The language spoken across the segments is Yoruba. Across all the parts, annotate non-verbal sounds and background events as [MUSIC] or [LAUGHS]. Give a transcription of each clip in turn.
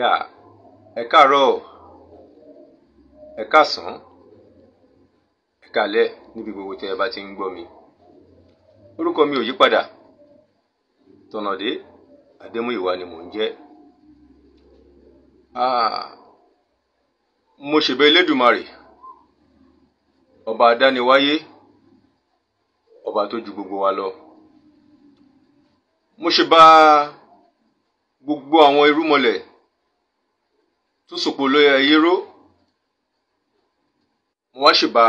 yà ẹ káàárọ̀ ẹ káàsán ẹ káalẹ́ níbi gbogbo tẹ́ ẹ bá ti ń gbọ́ mi orúkọ mi ò yí padà tọ̀nàdé adémúyìwá ni mò ń jẹ́ mo ṣèbẹ̀ elédùmarè ọba adániwáyé ọba tó ju gbogbo wa lọ mo ṣe gbogbo àwọn irúmọlẹ̀ tusukpolo ya yiro mwashiba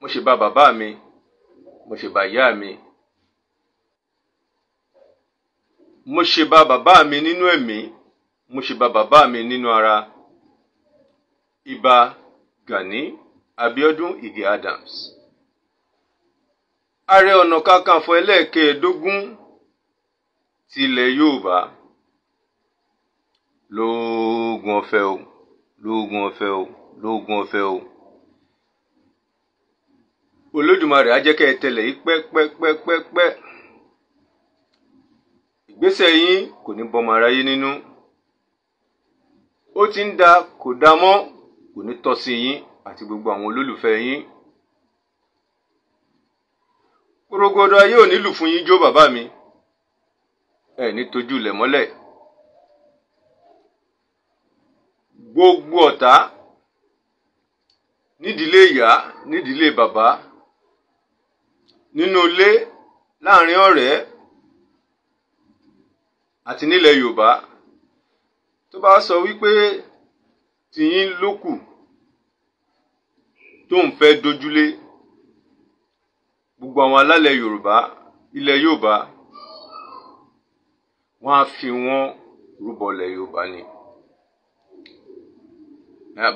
mo ṣe bá bàbá mi mo ṣe bá ìyá mi mo ṣe bá bàbá mi nínú ẹ̀mí mo ṣe bá bàbá mi nínú ara Ìbà Gani Abiodun Ige Adams Ààrẹ Ọ̀nà Kakanfò ẹlẹ́ẹ̀kẹ́ẹ̀dógún tilẹ̀ Yorùbá lóògùn ọ̀fẹ́ o lóògùn ọ̀fẹ́ o lóògùn ọ̀fẹ́ o olódùmarè á jẹ́ kẹ́ ẹ tẹ̀lé yìí pẹ́pẹ́pẹ́pẹ́ ìgbésẹ̀ yín kò ní bọ́mọ aráyé nínú ó ti ń da kò da mọ́ kò ní tọ́ sí yín àti gbogbo àwọn olólùfẹ́ yín rogodo ayé ò ní lù fún yín jó bàbá mi. ẹ nítojú lẹ̀ mọ́lẹ̀ gbogbo ọ̀tá nídìílé ìyá nídìílé bàbá nínú ilé láàrin ọ̀rẹ́ àti nílẹ̀ Yorùbá tó bá sọ wípé tìyín ló kù tó ń fẹ́ dojúlé gbogbo àwọn alálẹ̀ Yorùbá ilẹ̀ Yorùbá wọ́n á fi wọ́n rúbọlẹ̀ Yorùbá ni.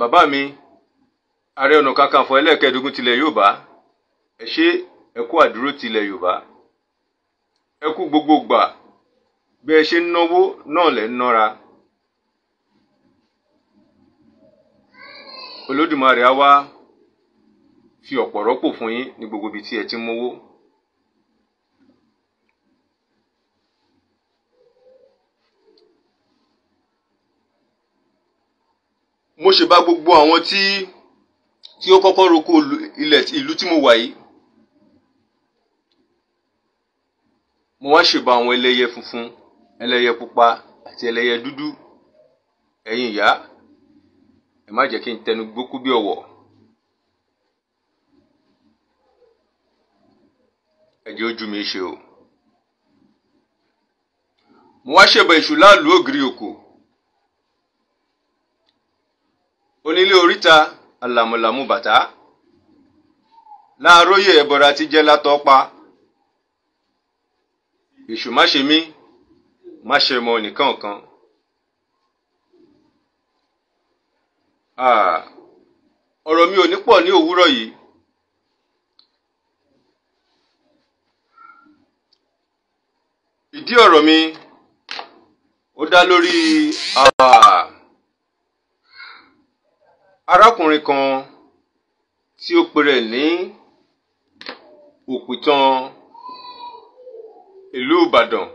bàbá mi ààrẹ ọ̀nà kakanfò ẹlẹ́ẹ̀kẹ́dógún tilẹ̀ Yorùbá ẹ ṣé ẹ kú àdúró tilẹ̀ Yorùbá ẹ kú gbogbo gbà bí ẹ ṣe ń náwó náà lẹ́ ń nára. Olódùmarè á wá fi ọ̀pọ̀ rọ́pò fún yín ní gbogbo ibi tí ẹ ti ń mówó. Mósè bá gbogbo àwọn tí tí ó kọ́kọ́ roko ilẹ̀ ìlú tí mo wà yìí mo wá ṣèbà àwọn ẹlẹ́yẹ funfun ẹlẹ́yẹ pupa àti ẹlẹ́yẹ dúdú ẹ̀yin ìyá ẹ má jẹ́ kí n tẹnu gbókú bí ọ̀wọ̀ ẹ ojú mi ṣe o mo wá ṣèbà èṣù láàlú ògiri òkò. onílé oríta alàmùlàmù bàtà láàróyè ẹ̀bọ̀ra ti jẹ́ látọ́pa èṣù má ṣe mí má ṣe mọ nìkan kan. ọ̀rọ̀ mi ò ní pọ̀ ní òwúrọ̀ yìí. ìdí ọ̀rọ̀ mi ó dá lórí. Uh, arákùnrin kan tí ó pèrè ní òpìtàn ìlú Ìbàdàn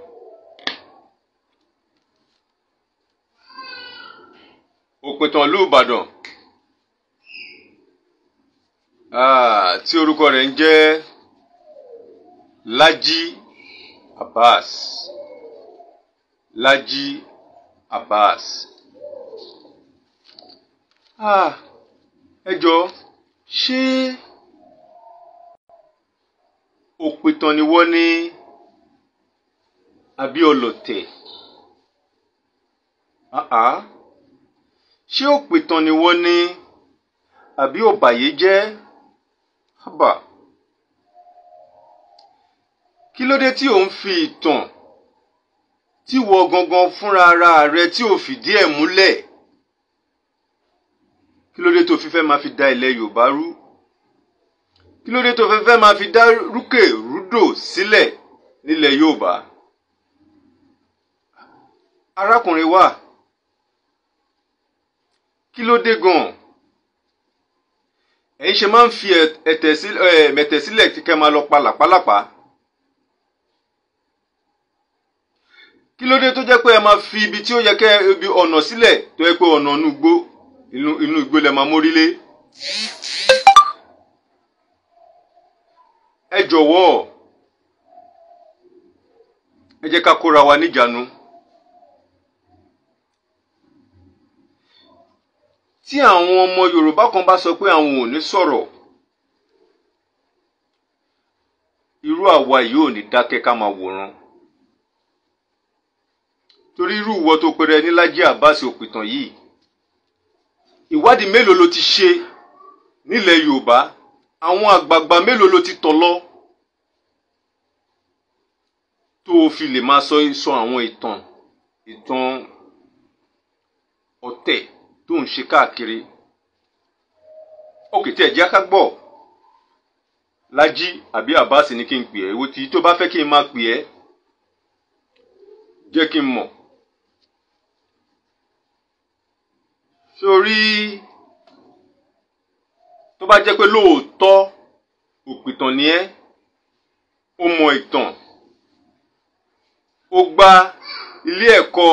òpìtàn ìlú Ìbàdàn tí orúkọ rẹ̀ ń jẹ́ Laji Abbas Laji Abbas. Ah ẹ jọ ṣé òpìtàn ni wọ́n ní àbí ọlọ̀tẹ̀ ṣé òpìtàn ni wọ́n ní àbí ọ̀bàyéjẹ́ hábà kí ló dé tí ò ń fi ìtàn tí wọ gangan fúnra ara rẹ tí ò fìdí ẹ̀ múlẹ̀ kí ló dé tó fi fẹ́ máa fi da ilẹ̀ Yorùbá rú kí ló dé tó fẹ́ fẹ́ máa fi dá rúkè rúdò sílẹ̀ nílẹ̀ Yorùbá arákùnrin wa kí ló dé gan-an ẹ̀yin ṣe máa ń fi ẹ̀tẹ̀ sílẹ̀ kíkẹ́ máa lọ palàpálàpá kí ló dé tó jẹ́ pé ẹ máa fi ibi tí ó yẹ kẹ́ ibi ọ̀nà sílẹ̀ tó yẹ pé ọ̀nà nùgbó inú inú igbó lẹ máa mórílé. ẹ jọ̀wọ́ ẹ jẹ́ ká kóra wa níjànú. tí àwọn ọmọ Yorùbá kan bá sọ pé àwọn ò ní sọ̀rọ̀ irú àwa yìí ò ní dákẹ́ ká máa wòran torí irú ìwọ tó pẹrẹ ní Lájí Abbas òpìtàn yìí ìwádìí mélòó lo ti ṣe nílẹ̀ Yorùbá àwọn àgbààgbà mélòó lo ti tọ̀ lọ tó o fi lè máa sọ sọ àwọn ìtàn ìtàn ọ̀tẹ̀ tó ń ṣe káàkiri òkè tí ẹ̀ jẹ́ ká gbọ́ Lájí àbí Abbas ni kí n pè ẹ́ èwo tí tó bá fẹ́ kí n máa pè ẹ́ jẹ́ kí n mọ̀. sórí tó bá jẹ́ pé lóòótọ́ òpìtàn ni ẹ́ ó mọ ìtàn ó gba ilé ẹ̀kọ́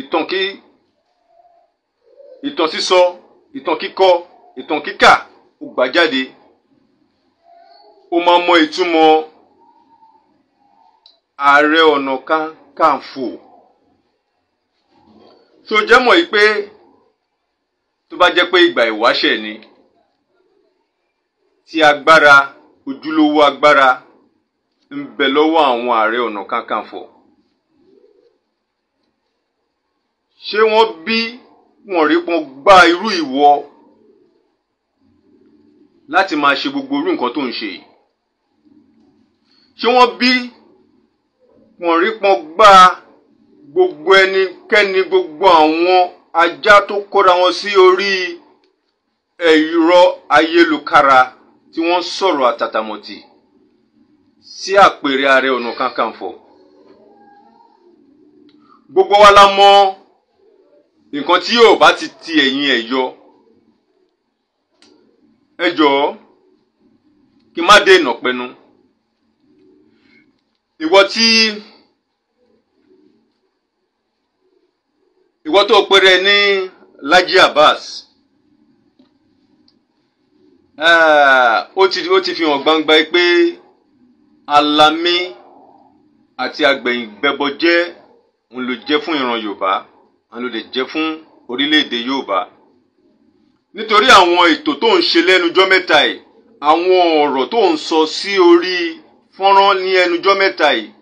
ìtàn kí ìtàn sísọ ìtàn kíkọ ìtàn kíkà ó gbà jáde ó máa mọ ìtumọ̀ ààrẹ ọ̀nà kakanfò tó jẹ́ mọ̀ yìí pé tó bá jẹ́ pé ìgbà ìwáṣẹ̀ ni tí agbára ojúlówó agbára ń bẹ lọ́wọ́ àwọn ààrẹ ọ̀nà kakanfò ṣé wọ́n bí wọ́n rí pọn gbá irú ìwọ láti máa ṣe gbogbo irú nǹkan tó ń ṣe ṣé wọ́n bí wọ́n rí pọn gbá gbogbo ẹnikẹ́ni gbogbo àwọn ajá tó kóra wọn sí orí ẹ̀rọ ayélukára tí wọ́n sọ̀rọ̀ àtàtàmọ̀tì sí àpèrè ààrẹ ọ̀nà kakanfò gbogbo wa la mọ̀ nǹkan tí yóò bá ti ti ẹ̀yìn ẹ̀ yọ ẹ jọ̀ọ́ kí n má dé ìnà ìwọ tí. ìwọ tó péré ní Laji Abbas ó ti ó ti fi hàn gbangba pé alamí àti agbẹ̀yìnbẹ̀bọ jẹ́ òun ló jẹ́ fún ìran Yorùbá òun ló lè jẹ́ fún orílẹ̀-èdè Yorùbá nítorí àwọn ètò tó ń ṣe lẹ́nujọ́ mẹ́ta yìí àwọn ọ̀rọ̀ tó ń sọ sí orí fọ́nrán ní ẹnujọ́ mẹ́ta yìí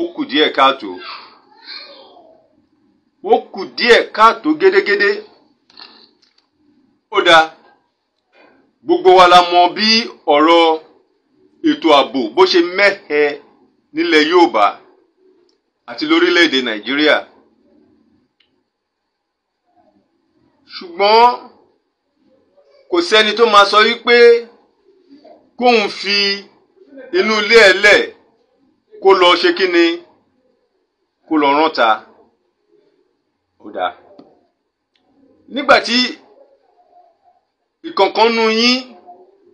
ó kù díẹ̀ káàtó ó kù díẹ̀ káàtó gédégédé ó dáa gbogbo wa la mọ bí ọ̀rọ̀ ètò ààbò bó ṣe mẹ́hẹ nílẹ̀ Yorùbá àti lórílẹ̀‐èdè Nàìjíríà ṣùgbọ́n kò sẹ́ni tó máa sọ wípé kóun fi inú ilé ẹ̀ lẹ̀ kó lọ ṣe kí ni kó lọ rántà ó dáa nígbà tí ìkọ̀ọ̀kan nu yín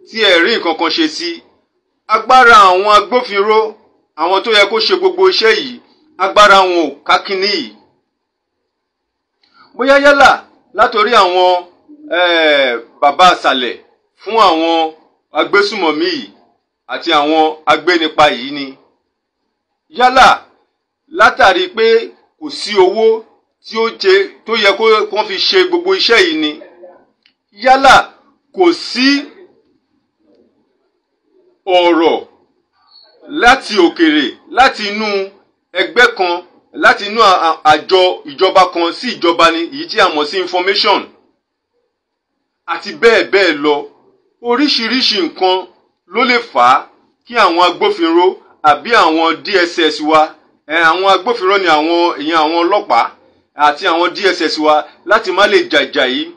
tí ẹ rí nǹkan kan ṣe sí agbára àwọn agbófinró àwọn tó yẹ kó ṣe gbogbo iṣẹ́ yìí agbára wọn ò ká yìí bóyá yálà látòrí àwọn bàbá àṣàlẹ̀ fún àwọn agbésùmọ̀mí yìí àti àwọn agbénipa yìí ni yálà látàrí pé kò sí owó tí ó ṣe tó yẹ kó wọ́n fi ṣe gbogbo iṣẹ́ yìí ni yálà kò sí ọ̀rọ̀ láti òkèrè láti inú ẹgbẹ́ kan láti inú àjọ ìjọba kan sí ìjọba ni èyí tí a mọ̀ sí information àti bẹ́ẹ̀ bẹ́ẹ̀ lọ oríṣiríṣi nǹkan ló lè fà á kí àwọn agbófinró àbí àwọn DSS wa àwọn agbófinró ni àwọn èèyàn àwọn ọlọ́pàá àti àwọn DSS wa láti má lè jàjà yìí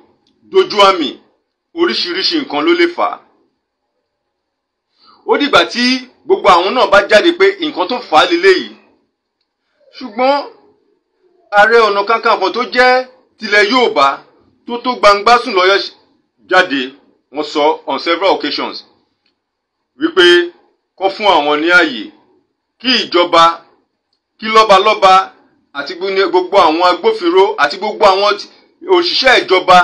dojú àmì oríṣiríṣi nǹkan ló lè fà á. ó dìgbà tí gbogbo àwọn náà bá jáde pé nǹkan tó fà á leléyìí ṣùgbọ́n ààrẹ ọ̀nà kakanfò tó jẹ́ tilẹ̀ Yorùbá tó tó gbangba sùn lọ́yọ̀ jáde wọ́n sọ on several occasions wípé kọ́ fún àwọn ní ààyè kí ìjọba kí lọ́balọ́ba àti gbogbo àwọn agbófinró àti gbogbo àwọn òṣìṣẹ́ ìjọba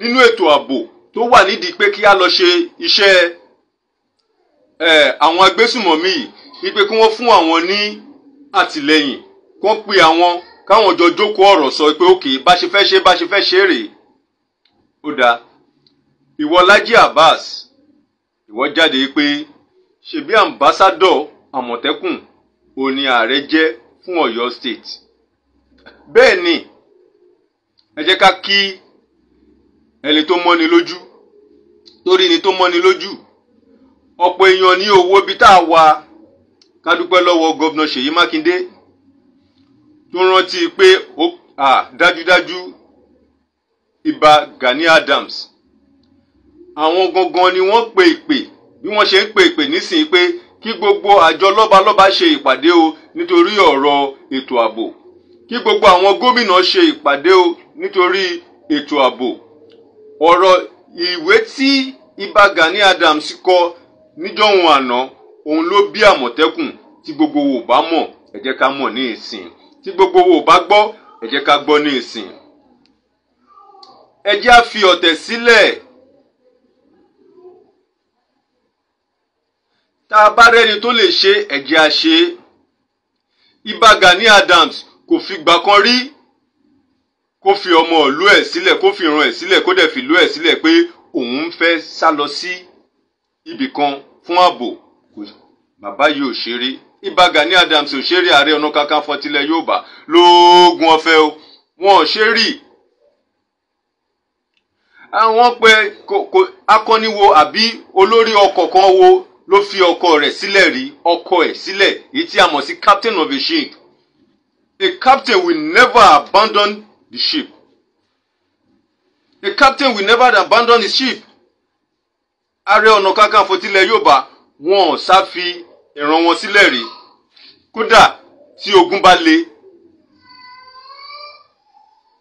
nínú ètò ààbò tó wà nídìí pé kí á lọ ṣe iṣẹ́ àwọn agbésùmọ̀mí yìí wípé kí wọ́n fún àwọn ní àtìlẹ́yìn kí wọ́n pe àwọn káwọn jọ jókòó ọ̀rọ̀ sọ pé òkè bá ṣe fẹ́ ṣe bá ṣe fẹ́ ṣe rèé ó dáa ìwọ Laji Abbas ìwọ jáde pé ṣebí àmbásádọ̀ àmọ̀tẹ́kùn òní ààrẹ jẹ́ fún Ọ̀yọ́ state bẹ́ẹ̀ ni ẹ jẹ́ ká kí ẹni tó mọ́ni lójú torí ni tó mọ́ni lójú ọ̀pọ̀ èèyàn ní owó bíi tá a wà ká dúpẹ́ lọ́wọ́ gọ́vnà Ṣèyí Mákindé tó rántí pé ó dájúdájú Ìbà Gani Adams àwọn gangan ni wọ́n pe ìpè bí wọ́n ṣe ń pe ìpè nísìnyí pé kí gbogbo àjọ lọ́balọ́ba ṣe ìpàdé o nítorí ọ̀rọ̀ ètò ààbò kí gbogbo àwọn gómìnà ṣe ìpàdé o nítorí ètò ààbò ọ̀rọ̀ ìwé tí ibà Gani Adams kọ níjọ́hun àná òun ló bí àmọ̀tẹ́kùn tí gbogbo wo bá mọ̀ ẹ ká mọ̀ ní ìsìn tí gbogbo wo bá gbọ́ ẹ ká gbọ́ ní ìsìn ẹ á fi ọ̀tẹ̀ sílẹ̀ tá a bá rẹ́ni tó lè ṣe ẹ jẹ́ ibà Gani Adams kò fìgbà kan rí kó fi ọmọ ìlú ẹ̀ sílẹ̀ kó fi ìran ẹ̀ sílẹ̀ kó dẹ̀ fi ìlú ẹ̀ sílẹ̀ pé òun fẹ́ sá lọ sí ibì kan fún ààbò bàbá yìí ò ṣeré Ìbà Gani Adams ò ṣeré Ààrẹ Ọ̀nà Kakanfò tilẹ̀ Yorùbá lóògùn ọ̀fẹ́ o wọn ò ṣe rí àwọn pé akọni wo àbí olórí ọkọ̀ kan wo ló fi ọkọ rẹ̀ sílẹ̀ rí ọkọ ẹ̀ sílẹ̀ èyí tí a mọ̀ sí captain of a ship A captain will never abandon the ship. A captain will never abandon his ship. Ààrẹ Ọ̀nà Kakanfò tilẹ̀ Yorùbá wọn ò sá fi ìran wọn sílẹ̀ rí. Kódà tí ogun bá le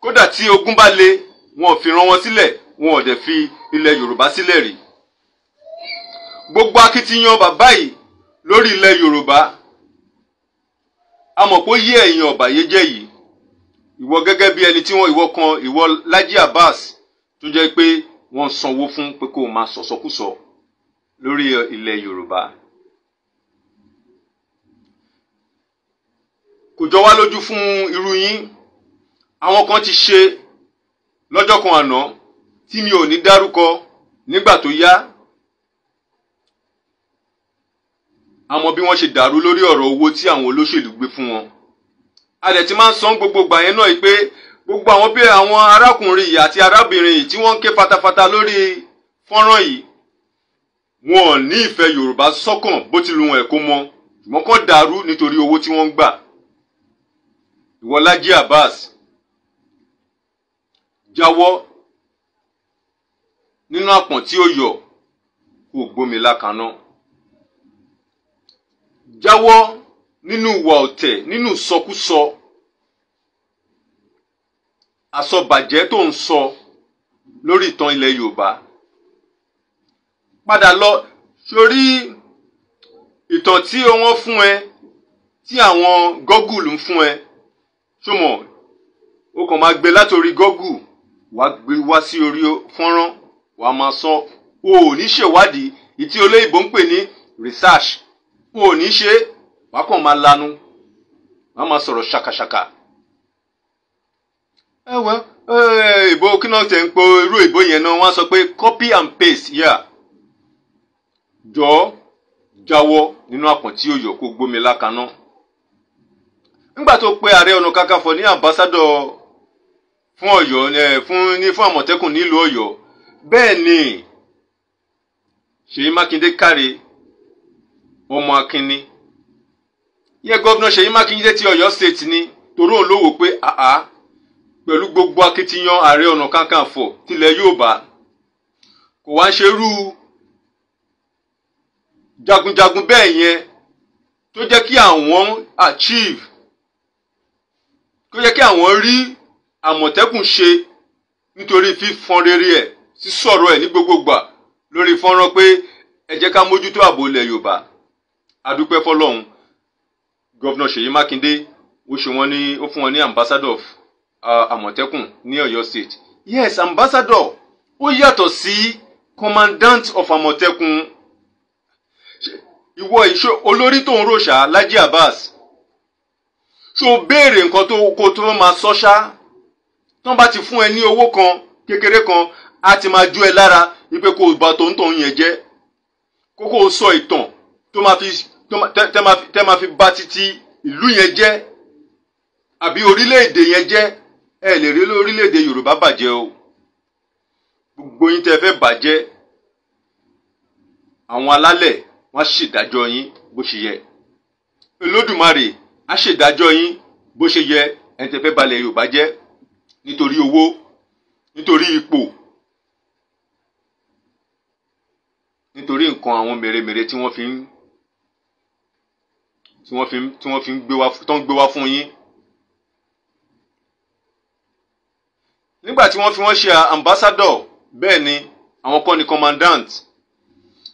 kódà tí ogun bá le wọn ò fi ìran wọn sílẹ̀ wọn ò dẹ̀ fi ilẹ̀ Yorùbá sílẹ̀ rí. Gbogbo akitiyan bàbá yìí lórí ilẹ̀ Yorùbá amọ̀pọ̀ yí ẹ̀yìn ọ̀bàyéjẹ́ yìí ìwọ gẹ́gẹ́ bí ẹni tí wọ́n ìwọ kan ìwọ Laji Abbas tó jẹ́ pé wọ́n sanwó fún pé kó o máa sọ̀sọ́kùsọ lórí ilẹ̀ Yorùbá. kò jọ wá lójú fún irú yín àwọn kan ti ṣe lọ́jọ́ kan àná tí mi ò ní dárúkọ nígbà tó yá àmọ́ bí wọ́n ṣe dàrú lórí ọ̀rọ̀ owó tí àwọn olóṣèlú gbé fún wọn. a dẹ̀ ti máa ń san gbogbo gbà yẹn náà pé gbogbo àwọn bí àwọn arákùnrin yìí àti arábìnrin yìí tí wọ́n ń ké fatafata lórí fọ́nrán yìí wọn ò ní ìfẹ́ Yorùbá sọ́kàn bó ti lu wọn ẹ̀ mọ́ ṣùgbọ́n kàn dàrú nítorí owó tí wọ́n ń gbà. ìwọlájí Abbas jáwọ́ nínú àpọ̀n tí ó yọ kó gbómi lákaná jáwọ́ nínú ìwà ọ̀tẹ̀ nínú ìsọkúsọ àsọbàjẹ́ tó ń sọ lórí ìtàn ilẹ̀ Yorùbá padà lọ sórí ìtàn tí wọ́n fún ẹ tí àwọn gọ́gùlù ń fún ẹ ṣùmọ̀ o kàn máa gbé látòrí gọ́gù wàá gbé wá sí orí fọ́nrán wàá máa sọ o ò ní ṣèwádìí ìtí olóyìnbó ń pè ní research wọn ò ní ṣe é wàá kàn máa lanu wàá máa sọ̀rọ̀ ṣàkàṣàkà. ẹ wá ìbò kí tẹ̀ ń po irú ìbò yẹn náà wọ́n á sọ pé copy and paste yà jọ jáwọ́ nínú àpọ̀ntí òyò kó gbómi lákaná. nígbà tó pe ààrẹ ọ̀nà kakanfò ní àmbásádọ̀ fún ọ̀yọ́ fún fún àmọ̀tẹ́kùn nílùú ọ̀yọ́ bẹ́ẹ̀ ni ṣèyí mákindé kárí. ọmọ akínní yẹ gọ́vnà Ṣèyí Mákindé ti Ọ̀yọ́ state ni torí òun ló wò pé àá pẹ̀lú gbogbo akitiyan Ààrẹ Ọ̀nà Kakanfò tilẹ̀ Yorùbá kò wá ń ṣerú jagunjagun bẹ́ẹ̀ yẹn tó jẹ́ kí àwọn achieve tó jẹ́ kí àwọn rí àmọ̀tẹ́kùn ṣe nítorí fífọn rere ẹ̀ sísọ̀rọ̀ ẹ̀ ní gbogbogbà lórí fọ́nrán pé ẹ jẹ́ ká mójútó ààbò ilẹ̀ Yorùbá adúpẹ́ fọlọ́run gọ́vnà Ṣèyí Mákindé ó ṣe wọ́n ní ó fún wọn ní ambassador of Àmọ̀tẹ́kùn ní Ọ̀yọ́ state yes ambassador ó yàtọ̀ sí commandant of Àmọ̀tẹ́kùn ìwọ ìṣó olórí tó ń ròṣà Laji Abbas ṣó béèrè nǹkan tó kó tó máa sọ́ṣá tó bá ti fún ẹ ní owó kan kékeré kan á ti máa jó ẹ lára wípé kó o bá tòun tòun yẹn jẹ́ kókó sọ ìtàn tó máa fi tẹ́ máa fi bà títí ìlú yẹn jẹ́ àbí orílẹ̀-èdè yẹn jẹ́ ẹ lè rí orílẹ̀-èdè Yorùbá bàjẹ́ o gbogbo yín tẹ́ fẹ́ bàjẹ́ àwọn alálẹ̀ wọ́n á ṣèdájọ́ yín bó ṣe yẹ Olódùmarè á ṣèdájọ́ yín bó ṣe yẹ ẹni tẹ́ fẹ́ balẹ̀ Yorùbá jẹ́ nítorí owó nítorí ipò nítorí nǹkan àwọn mèremère tí wọ́n fi ń tí wọ́n fi tí wọ́n fi ń gbé wá tó ń gbé wá fún yín. nígbà tí wọ́n fi wọ́n ṣe ambassador bẹ́ẹ̀ ni àwọn kan ni commandant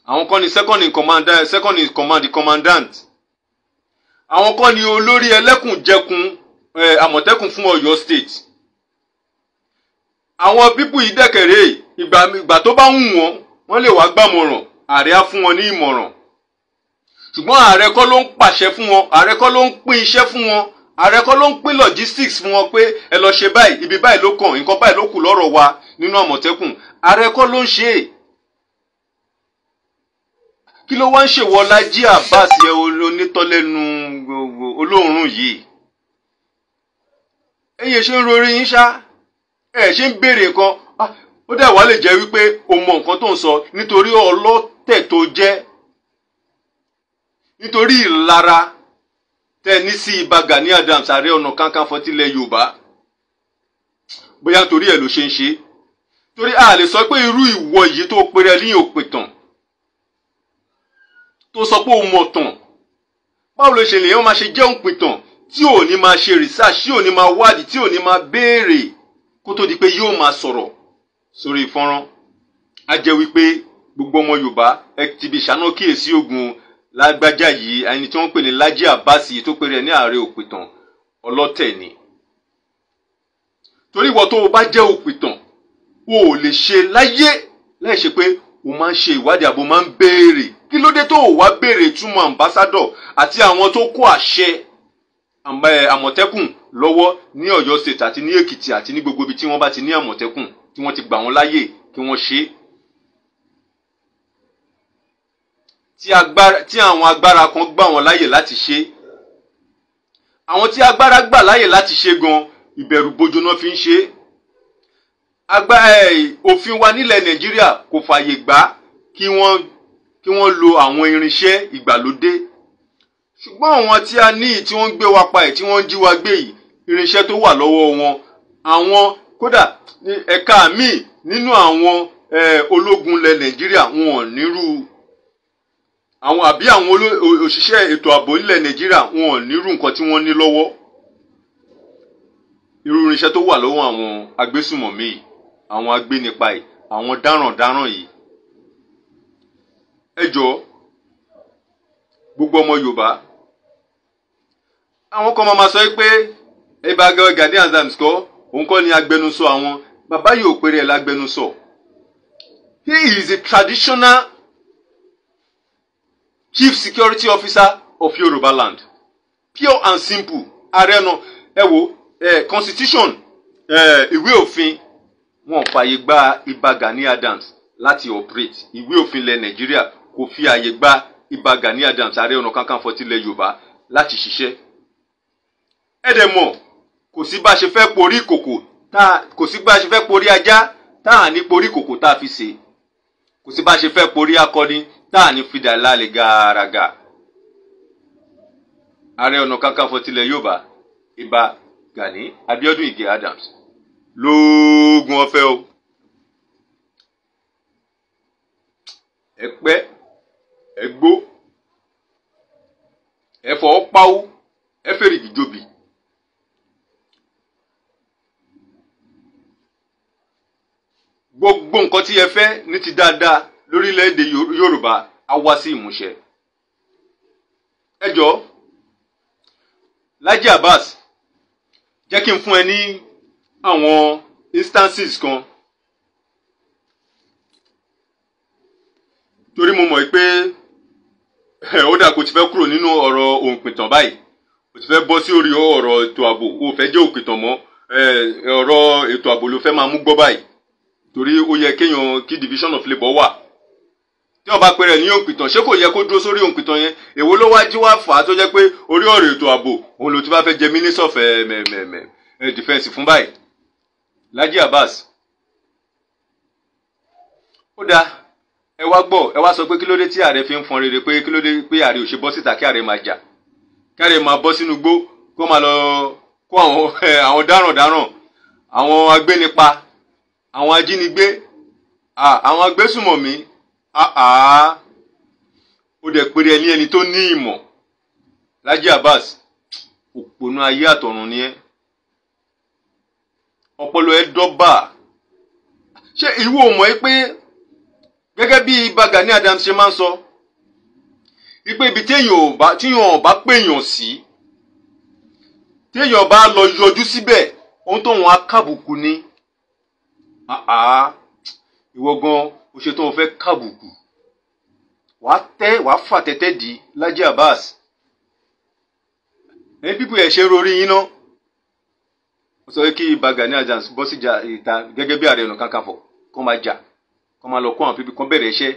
àwọn kan ni second in command eh, second in command commandant àwọn kan ni olórí ẹlẹ́kùnjẹkùn eh, àmọ̀tẹ́kùn fún Ọ̀yọ́ state àwọn pípù yìí dẹ̀kẹ̀rẹ́ ìgbà tó bá wù wọ́n wọ́n lè wá gbàmọ̀ràn àríyá fún wọn ní ìmọ̀ràn ṣùgbọ́n ààrẹ kọ́ ló ń pàṣẹ fún wọn ààrẹ kọ́ ló ń pín iṣẹ́ fún wọn ààrẹ kọ́ ló ń pín logistics fún wọn pé ẹ lọ ṣe báyìí ibi báyìí ló kàn nǹkan báyìí ló kù lọ́rọ̀ wa nínú àmọ̀tẹ́kùn ààrẹ kọ́ ló ń ṣe é kí ló wá ń ṣèwọ Lájí Abbas yẹ onítọ́lẹ́nu olóòórùn yìí ẹ̀yin ṣe ń rorí yín ṣá ẹ ṣe ń béèrè nǹkan ah, ó dẹ̀ wá lè jẹ́ wípé o mọ nǹkan tó ń sọ nítorí ọlọ́tẹ̀ tó jẹ́ nítorí ìlara tẹ́ ní sí ibà Gani Adams ààrẹ ọ̀nà Kakanfò tilẹ̀ Yorùbá bóyá torí ẹ̀ ló ṣe ń ṣe torí a lè sọ pé irú ìwọ yìí tó péré líyìn òpìtàn tó sọ pé o mọ̀ tàn báwo ló ṣe lè yẹn máa ṣe jẹ́ òpìtàn tí ò ní máa ṣe research tí ò ní máa wádìí tí ò ní máa béèrè kó tó di pé yóò máa sọ̀rọ̀ sórí ìfọ́nrán a jẹ́ wípé gbogbo ọmọ Yorùbá ẹ ti bi ṣáná kíyèsí ogun lágbájá yìí ẹni tí wọ́n pè ní Laji Abbas yìí tó pèrè ní ààrẹ òpìtàn ọlọ́tẹ̀ ni torí ìwọ tó o bá jẹ́ òpìtàn o ò lè ṣe láyé láì ṣe pé o máa ń ṣe ìwádìí àbò máa ń béèrè kí ló dé tó o wá béèrè túmọ̀ ambassadọ̀ àti àwọn tó kó àṣẹ àmọ̀tẹ́kùn lọ́wọ́ ní Ọ̀yọ́ state àti ní Èkìtì àti ní gbogbo ibi tí wọ́n bá ti ní àmọ̀tẹ́kùn tí wọ́n ti gbà wọ́n láyè kí wọ́n ṣe é tí àwọn agbára kan gbà wọ́n láyè láti ṣe àwọn tí agbára gbà láyè láti ṣe gan ìbẹ̀rù bojo náà fi ń ṣe agbá eh, òfin wa nílẹ̀ Nàìjíríà kò fààyè gbà kí wọ́n kí wọ́n lo àwọn irinṣẹ́ ìgbàlódé ṣùgbọ́n àwọn tí a ní tí wọ́n ń gbé wa pa ẹ̀ tí wọ́n ń jí wa gbé yìí irinṣẹ́ tó wà lọ́wọ́ wọn àwọn kódà ẹ̀ka míì nínú àwọn eh, ológun ilẹ̀ Nàìjíríà wọn ò nírú àwọn àbí àwọn òṣìṣẹ́ ètò ààbò nílẹ̀ nàìjíríà wọn ò nírú nǹkan tí wọ́n ní lọ́wọ́ irú irinṣẹ́ tó wà lọ́wọ́ àwọn agbésùmọ̀mí yìí àwọn agbénipa yìí àwọn dáràndáràn yìí ẹ jọ̀ọ́ gbogbo ọmọ yorùbá àwọn kan máa sọ pé ibà Gani Adams kọ́ òun kọ́ ni agbẹnusọ àwọn bàbá yìí ò péré ẹ̀ lágbẹnusọ he is a traditional chief security officer of Yorùbá land pure and simple ààrẹ náà Eh wo eh, constitution ìwé eh, òfin wọn fààyè gba Ìbà Gani Adams láti operate ìwé òfin ilẹ̀ Nàìjíríà kò fi ààyè gba Ìbà Gani Adams ààrẹ Kankan kakanfò tilẹ̀ Yorùbá láti ṣiṣẹ́ ẹ dẹ̀ mọ̀ kò sí bá a ṣe fẹ́ porí ìkòkò tá kò sí bá a ṣe fẹ́ porí ajá tá à ní porí ìkòkò tá a fi ṣe kò sí bá a ṣe fẹ́ porí akọni tá à ní fìdá láàlẹ́ gàràgà ààrẹ ọ̀nà kakanfò tilẹ̀ yorùbá ìbà gani abiodun ige adams lóògùn ọ̀fẹ́ o ẹ̀pẹ́ ẹ̀gbó ẹ̀fọ́ pawó ẹ̀fẹ́rìgì jobi. gbogbo nǹkan tí ẹ fẹ́ ní ti dáadáa lórílẹ̀‐èdè Yorùbá á wá sí ìmúṣẹ. ẹ jọ̀ọ́ Laji Abbas jẹ́ kí n fún ẹ ní àwọn instances kan torí mo mọ̀ pé ó dà kó ti fẹ́ kúrò nínú ọ̀rọ̀ òǹpìtàn báyìí kó ti fẹ́ bọ́ sí orí ọ̀rọ̀ ètò ààbò ó fẹ́ jẹ́ òǹpìtàn mọ́ ọ̀rọ̀ ètò ààbò ló fẹ́ máa mú gbọ́ báyìí torí ó yẹ kéèyàn kí division of labour wà tí ọba pẹrẹ ní òǹpìtàn ṣé kò yẹ kó dúró sórí òǹpìtàn yẹn èwo ló wá jí wá fà á tó jẹ́ pé orí ọ̀rọ̀ ètò ààbò òun ló ti bá fẹ́ jẹ mínísọ̀ fẹ́ mẹ̀mẹ̀mẹ̀ dìfẹ́ǹsì fún báyìí Laji abas ó dáa ẹ wá gbọ́ ẹ wá sọ pé kí ló dé tí ààrẹ fi ń fọn rere pé kí ló dé pé ààrẹ ò ṣe bọ́ síta kí ààrẹ máa jà kí ààrẹ máa bọ́ sínú igbó kó máa lọ kó àwọn dáràndáràn àwọn agbénipa àwọn ajínigbé àwọn agbésùmọ̀mí àá ah, ah. ó dẹ̀ péré ẹni ẹni tó ní ìmọ̀ Lájí Abbas òpònú ayé àtọ̀run ni ẹ́ ọpọlọ ẹ dọ́bà ṣé ìwọ mọ̀ ẹ́ pé gẹ́gẹ́ bí Gani Adams ṣe máa ń sọ wípé ibi téèyàn ò bá téèyàn ò bá pèèyàn sí téèyàn bá lọ yọjú síbẹ̀ ohun tóun á kàbùkù ni ah, ìwọ gan-an o ṣe tó o fẹ́ kàbùkù wàá tẹ́ wàá fà tẹ́tẹ́ di Laji Abbas ẹ̀yin pípù ẹ̀ ṣe rori yín náà ó sọ kí Ìbà Gani Adams bọ́ sí ìjà ìta gẹ́gẹ́ bí Ààrẹ Ọ̀nà Kakanfò kó máa jà kó máa lọ kó àwọn pípù kan bẹ̀rẹ̀ iṣẹ́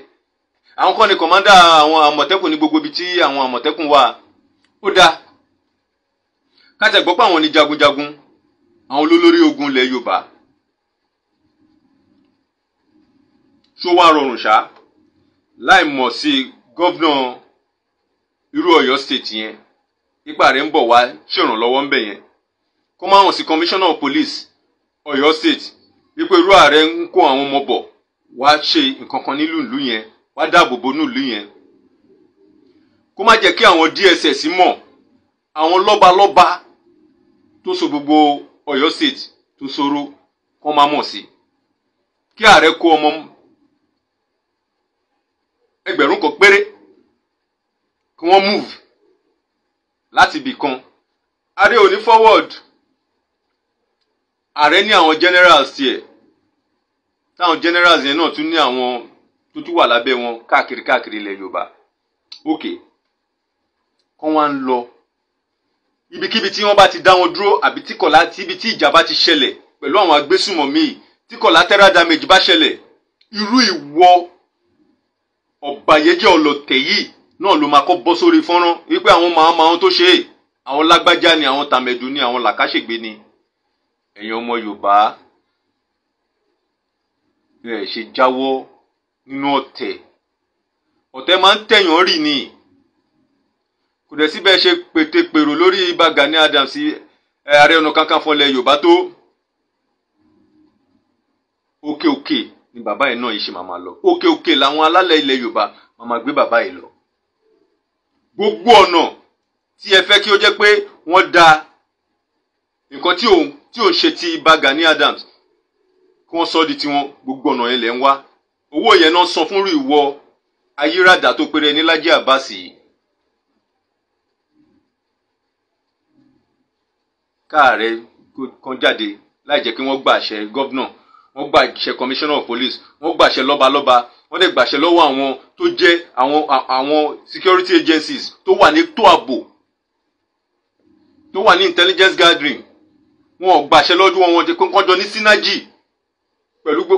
àwọn kan ní kọ̀mọ́dà àwọn àmọ̀tẹ́kùn ní gbogbo ibi tí àwọn àmọ̀tẹ́kùn wà ó dáa kájà gbọ́ pé àwọn ní jagunjagun àwọn olólórí ogun ilẹ̀ Yorùbá tó wá rọrùn ṣá láì mọ̀ sí gọ́vnà irú Ọ̀yọ́ state yẹn ipa rẹ̀ ń bọ̀ wá ṣèrànlọ́wọ́ ń yẹn kó má hàn sí commissioner of police Ọ̀yọ́ state wípé irú ààrẹ ń kó àwọn ọmọ bọ̀ wá ṣe nǹkan nílùú ìlú yẹn wá dáàbò bo yẹn kó má jẹ́ kí àwọn DSS mọ̀ àwọn lọ́balọ́ba tó so gbogbo ẹgbẹ̀rún kan péré kí wọ́n move láti ibì kan ààrẹ ò ní forward ààrẹ ní àwọn generals tiẹ̀ táwọn generals yẹn náà tún ní àwọn tó tún wà lábẹ́ wọn káàkiri káàkiri ilẹ̀ Yorùbá ok kán wá ń lọ ibikíbi tí wọ́n bá ti dá wọn dúró àbí tí kọ̀lá tí ibi tí ìjà ti ṣẹlẹ̀ pẹ̀lú àwọn agbésùmọ̀mí tí collateral damage bá ṣẹlẹ̀ irú ìwọ ọ̀bàyéjẹ́ ọlọ́tẹ̀ yìí náà ló máa kọ́ bọ́ sórí fọ́nrán wípé àwọn máa máa wọn tó ṣe é àwọn lágbájá ni àwọn tàmẹ̀dù ni àwọn làkàṣègbè ni ẹ̀yin ọmọ Yorùbá ẹ̀ ṣe jáwọ́ nínú ọ̀tẹ̀ ọ̀tẹ̀ máa ń tẹ̀yàn rì ni kò dẹ̀ síbẹ̀ ṣe pètèpèrò lórí ibà Gani Adams ààrẹ ọ̀nà kankan fọlẹ̀ Yorùbá tó òkè òkè ni bàbá yìí náà yìí ṣe màmá lọ òkè òkè làwọn alálẹ̀ ilẹ̀ Yorùbá màmá gbé bàbá yìí lọ gbogbo ọ̀nà tí ẹ fẹ́ kí ó jẹ́ pé wọ́n da nǹkan tí òun tí òun ṣe ti Ìbà Gani Adams kí wọ́n sọ di tiwọn gbogbo ọ̀nà yẹn lẹ̀ ń wá owó yẹn náà san fún ìwọ ayírádà tó péré ní Lájí Abbas yìí. kan jáde láì jẹ́ kí wọ́n gba àṣẹ gọ́vnà wọ́n gbàṣẹ commissioner of police wọ́n gbàṣẹ lọ́balọ́ba wọ́n dẹ̀ gbàṣẹ lọ́wọ́ àwọn tó jẹ́ àwọn àwọn security agencies tó wà ní tó ààbò tó wà ní intelligence gathering wọn ò gbàṣẹ lọ́dún wọn wọn kọ́ jọ ní synergy pẹ̀lú gbó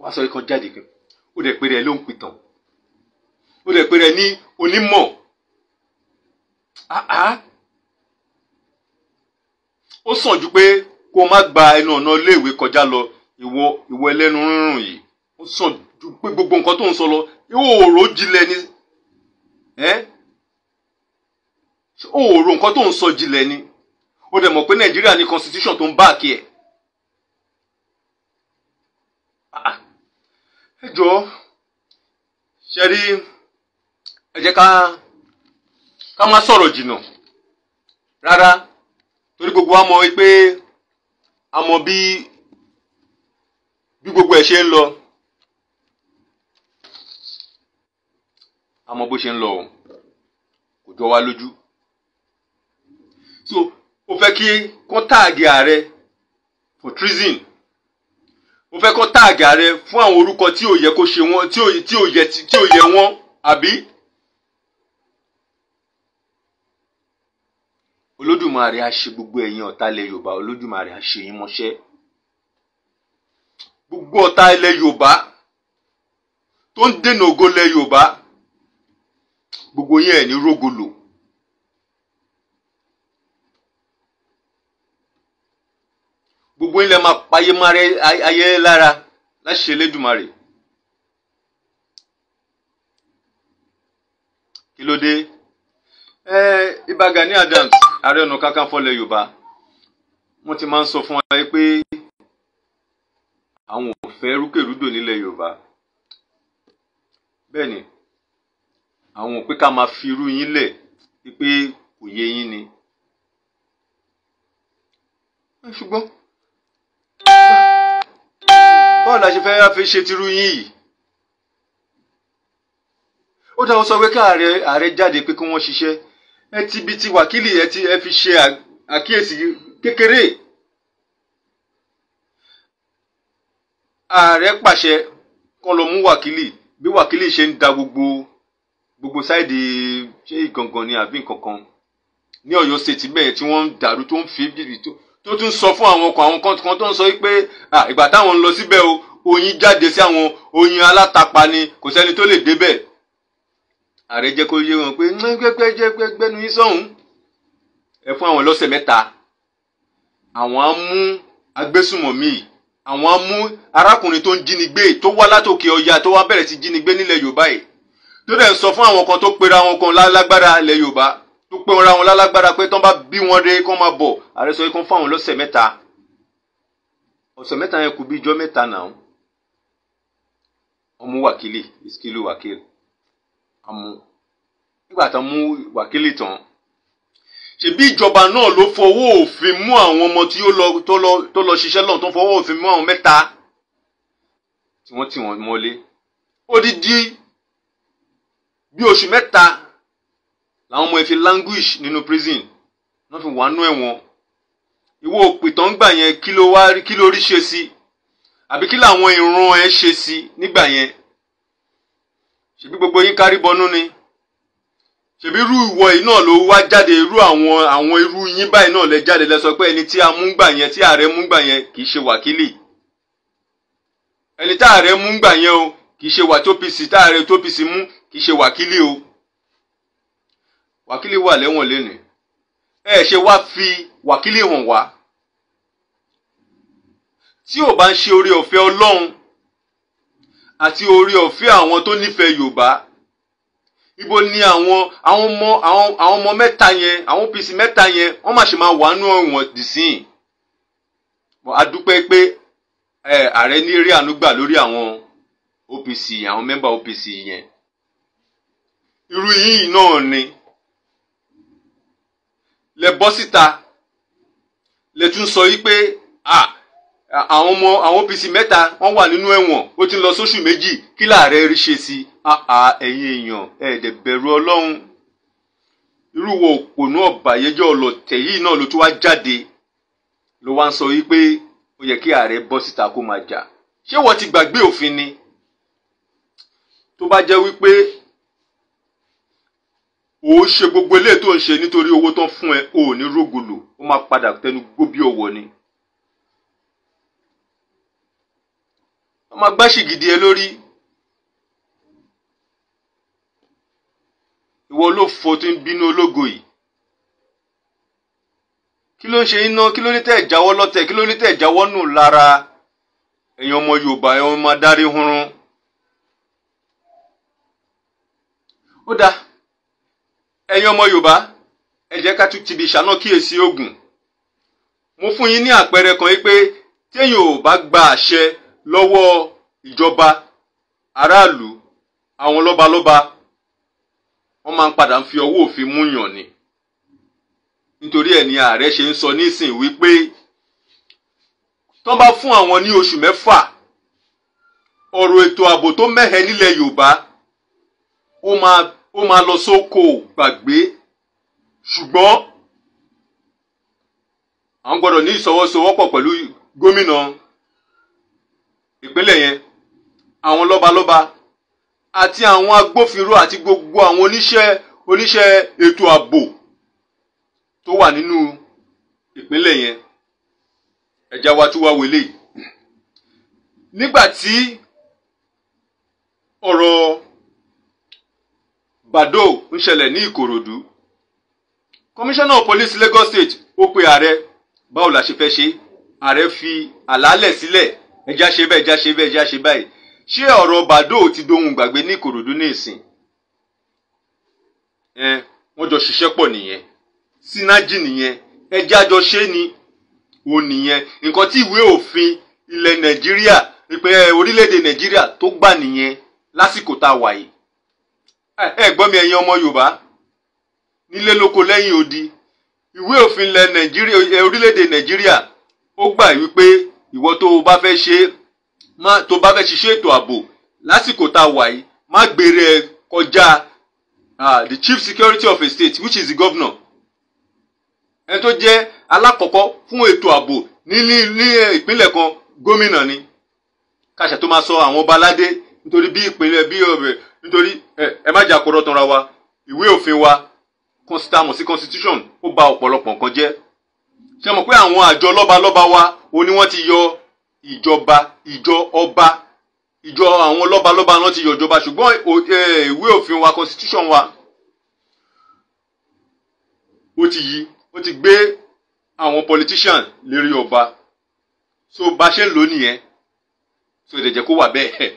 wàá sọ ikán jáde kan ó dẹ̀ pé rẹ̀ ló ń pìtàn ó dẹ̀ pé rẹ̀ ní onímọ̀ ó sàn ju pé kó o má gba ẹnu ọ̀nà iléèwé kọjá lọ ìwọ ìwọ ẹlẹ́nu o yìí ó sàn ju pé gbogbo nǹkan tó ń sọ lọ ji le ni òòrò nǹkan tó ń sọ jinlẹ̀ ni ó dẹ̀ mọ̀ pé nàìjíríà ní constitution tó ń bá àkí ẹ̀. Ah, ah. ẹ jọ ṣe ẹ jẹ́ ká ká má sọ̀rọ̀ gbogbo wa mọ̀ pé a mọ̀ bí bí gbogbo ẹ̀ ṣe ń lọ a bó ṣe ń lọ o kò jọ wá lójú so o fẹ́ kí kọ́ táàgì ààrẹ for treason o fẹ́ kọ́ táàgì ààrẹ fún àwọn orúkọ tí ò yẹ kó ṣe wọ́n tí ò yẹ tí ò yẹ wọ́n àbí. olódùmarè á ṣe gbogbo ẹ̀yin ọ̀tá yorùbá olódùmarè á yín mọ́ṣẹ́ gbogbo ọ̀tá ilẹ̀ yorùbá tó ń dènà ògo ilẹ̀ yorùbá gbogbo yín ẹ̀ ní rógolo. gbogbo yín lè máa payé mare ayé lára láṣẹ Elédùmarè. kí ló dé ẹ Ìbà Gani Adams Ààrẹ Ọ̀nà Kakanfò ilẹ̀ yorùbá wọ́n ti máa ń sọ fún wa pé àwọn ò fẹ́ rúkèrúdò nílẹ̀ Yorùbá bẹ́ẹ̀ ni àwọn ò pé ká máa fi irú yín lẹ̀ pé kò yé yín ni ṣùgbọ́n báwo la ṣe fẹ́ fi ṣe tirú yín yìí ó dáwọ́ sọ pé kí ààrẹ ààrẹ jáde pé kí wọ́n ṣiṣẹ́ ẹ ti bi ti wákìlì ẹ fi ṣe àkíyèsí kékeré. ààrẹ pàṣẹ kán lọ mú wákìlì bí wákìlì ṣe ń da gbogbo gbogbo sáìdì ṣé ìgangan ni àbí nkankan ní Ọ̀yọ́ state bẹ́ẹ̀ tí wọ́n ń dàrú tó ń fi bìbì tó tó tún sọ fún àwọn ọkọ àwọn kan tó ń sọ pé ìgbà táwọn ń lọ síbẹ̀ o oyin jáde sí àwọn oyin alátakpa ni kò sẹ́ni tó lè débẹ̀ ààrẹ jẹ́ kó yé wọn pé gbẹgbẹ jẹ gbẹgbẹnu yín sọ̀hún ẹ fún àwọn lọ́sẹ̀ mẹ́ta àwọn á mú agbésùmọ̀mí yìí àwọn mú arákùnrin tó ń jínigbé tó wá látòkè ọya tó wá bẹ̀rẹ̀ sí jínigbé nílẹ̀ yorùbá yìí tó dẹ̀ ń sọ fún àwọn kan tó pera wọn kan lálágbára ilẹ̀ yorùbá tó pé wọn ra wọn lálágbára pé tán bá bí wọn dé kán máa bọ̀ ààrẹ sọ kán fáwọn lọ́sẹ̀ mẹ́ta ọ̀sẹ̀ mẹ́ta yẹn kù bí ijọ́ mẹ́ta náà wọ́n wákìlì ìsìkìlì wákìlì àmú nígbà tán mú wákìlì tán ṣebí ìjọba náà ló fọwọ́ òfin mú àwọn ọmọ tí tó lọ ṣiṣẹ́ lọ́n tó fọwọ́ òfin mú àwọn mẹ́ta tí wọ́n tì wọ́n mọ́lé odidi bí oṣù mẹ́ta làwọn ọmọ ìfi languish nínú prison wọ́n fi wà nú ẹ̀wọ̀n ìwọ òpìtàn gbà yẹn kí ló wá kí ló rí ṣe sí àbí kí làwọn ìran ẹ ṣe sí nígbà yẹn ṣebí gbogbo yín kárí bọnú ni ṣebí irú ìwọ yìí náà ló wá jáde irú àwọn àwọn irú yín báyìí náà lẹ jáde lẹ sọ pé ẹni tí a mú gbà yẹn tí ààrẹ mú gbà yẹn kì í ṣe wákìlì ẹni tí ààrẹ mú gbà yẹn o kì í ṣe wà tópìsì tí ààrẹ tópìsì mú kì í ṣe wákìlì o wákìlì wà lẹ́wọ̀n lẹ́nìí ẹ ṣe wá fi wákìlì hàn wá tí ò bá ń ṣe oore ọ̀fẹ́ ọlọ́run àti oore ọ̀fẹ́ àwọn tó nífẹ̀ẹ́ yorùbá ibo ni àwọn àwọn ọmọ àwọn àwọn ọmọ mẹ́ta yẹn àwọn pc mẹ́ta yẹn wọ́n má ṣe máa wà nù ọ̀wọ̀n dìsín adúpẹ́ pé ẹ ààrẹ ní rí àánú gbà lórí àwọn OPC àwọn mẹ́mbà OPC yẹn irú yìí náà ni lẹ bọ́ síta lẹ tún sọ yìí pé ah àwọn ọmọ àwọn OPC mẹ́ta wọ́n wà nínú ẹ̀wọ̀n ó ti lọ sóṣù méjì kí láàrẹ rí ṣe sí ẹ̀yin èèyàn ẹ̀ẹ́dẹ̀ bẹ̀rù ọlọ́run irú wo òpònú ọ̀bàyéjọ́ ọlọ̀tẹ̀ yìí náà ló tún wá jáde ló wá ń sọ yìí pé ó yẹ kí ààrẹ bọ́ síta kó máa jà ṣé wọ́n ti gbàgbé òfin ni tó bá jẹ́ wípé ò ṣe gbogbo eléyìí tó ń ṣe nítorí owó tó ń fún ẹ ò ní ó máa padà tẹnu gbó bí ọ̀wọ̀ ni ọmọ gbáṣì gidi ẹ lórí ìwọ olófo tó ń bínú ológo yìí kí ló ń ṣe iná kí ló ní tẹ̀ jáwọ́ lọ́tẹ̀ kí ló ní tẹ̀ jáwọ́ nù lára èèyàn ọmọ Yorùbá ẹ̀wọ̀n ọmọ adarí hunrun ó dáa ẹ̀yin ọmọ Yorùbá ẹ ká tún ti ibi ìṣáná kíyèsí Ògùn mo fún yín ní àpẹẹrẹ kan yìí pé téèyàn ò bá gba àṣẹ lọ́wọ́ ìjọba aráàlú àwọn lọ́balọ́ba wọ́n máa ń padà fi ọwọ́ òfin mú yàn ni nítorí ẹ̀ ni ààrẹ ṣe ń sọ nísìn wípé tọ́n bá fún àwọn ní oṣù mẹ́fà ọ̀rọ̀ ètò ààbò tó mẹ́hẹ nílẹ̀ Yorùbá ó máa ó máa lọ sóko gbàgbé ṣùgbọ́n àwọn gbọ́dọ̀ ní ìṣọwọ́sowọ́pọ̀ pẹ̀lú gómìnà ìpínlẹ̀ yẹn àwọn lọ́balọ́ba àti àwọn agbófinró àti gbogbo àwọn oníṣẹ́ oníṣẹ́ ètò ààbò tó wà nínú ìpínlẹ̀ yẹn ẹ̀já wa tún wá wọlé yìí nígbà tí ọ̀rọ̀ Bàdó ń ṣẹlẹ̀ ní Ìkòròdú komisanna police Lagos State ó pe ààrẹ báwo la ṣe fẹ́ ṣe ààrẹ fi àlàálẹ̀ sílẹ̀ si ẹja ṣe bẹ́ẹ̀ ẹja ṣe bẹ́ẹ̀ ẹja ṣe báyìí ṣé ọ̀rọ̀ bàdó ti dohun gbàgbé ní ìkòròdú ní ìsìn ẹ wọ́n jọ ṣiṣẹ́ pọ̀ nìyẹn sínájì nìyẹn ẹja jọ ṣe ni o nìyẹn nǹkan tí ìwé òfin ilẹ̀ nàìjíríà ìpè orílẹ̀-èdè nàìjíríà tó gbà nìyẹn lásìkò tá a wà yìí ẹ gbọ́ mi ẹ̀yin ọmọ yorùbá nílé lóko lẹ́yìn odi ìwé òfin ilẹ̀ nàìjíríà orílẹ̀ nàìjíríà ó gbà wípé ìwọ tó o bá fẹ́ ṣe má tó o bá fẹ́ ṣiṣẹ́ ètò ààbò lásìkò tá a wà yìí má gbèrè kọjá the chief security of a state which is the governor ẹni tó jẹ́ alákọ̀ọ́kọ́ fún ètò ààbò ní ní ìpínlẹ̀ kan gómìnà ni kàṣà tó máa sọ àwọn ọba aládé nítorí bí ìpínlẹ̀ bí ọ̀bẹ nítorí ẹ má jà kọ́rọ́ tanra wa ìwé òfin wa constitution ó bà ọ̀pọ̀lọpọ̀ nǹkan jẹ́ ṣe mọ̀ pé àwọn àjọ lọ́balọ́ba wa òní wọ́n ti yọ ìjọba ìjọ ọba ìjọ àwọn lọ́balọ́ba náà ti yọ ìjọba ṣùgbọ́n ìwé òfin wa constitution wa ó ti yí ó ti gbé àwọn politician lérí ọba so bá ṣe ń lò nìyẹn so ìdẹ̀jẹ̀ kó wà bẹ́ẹ̀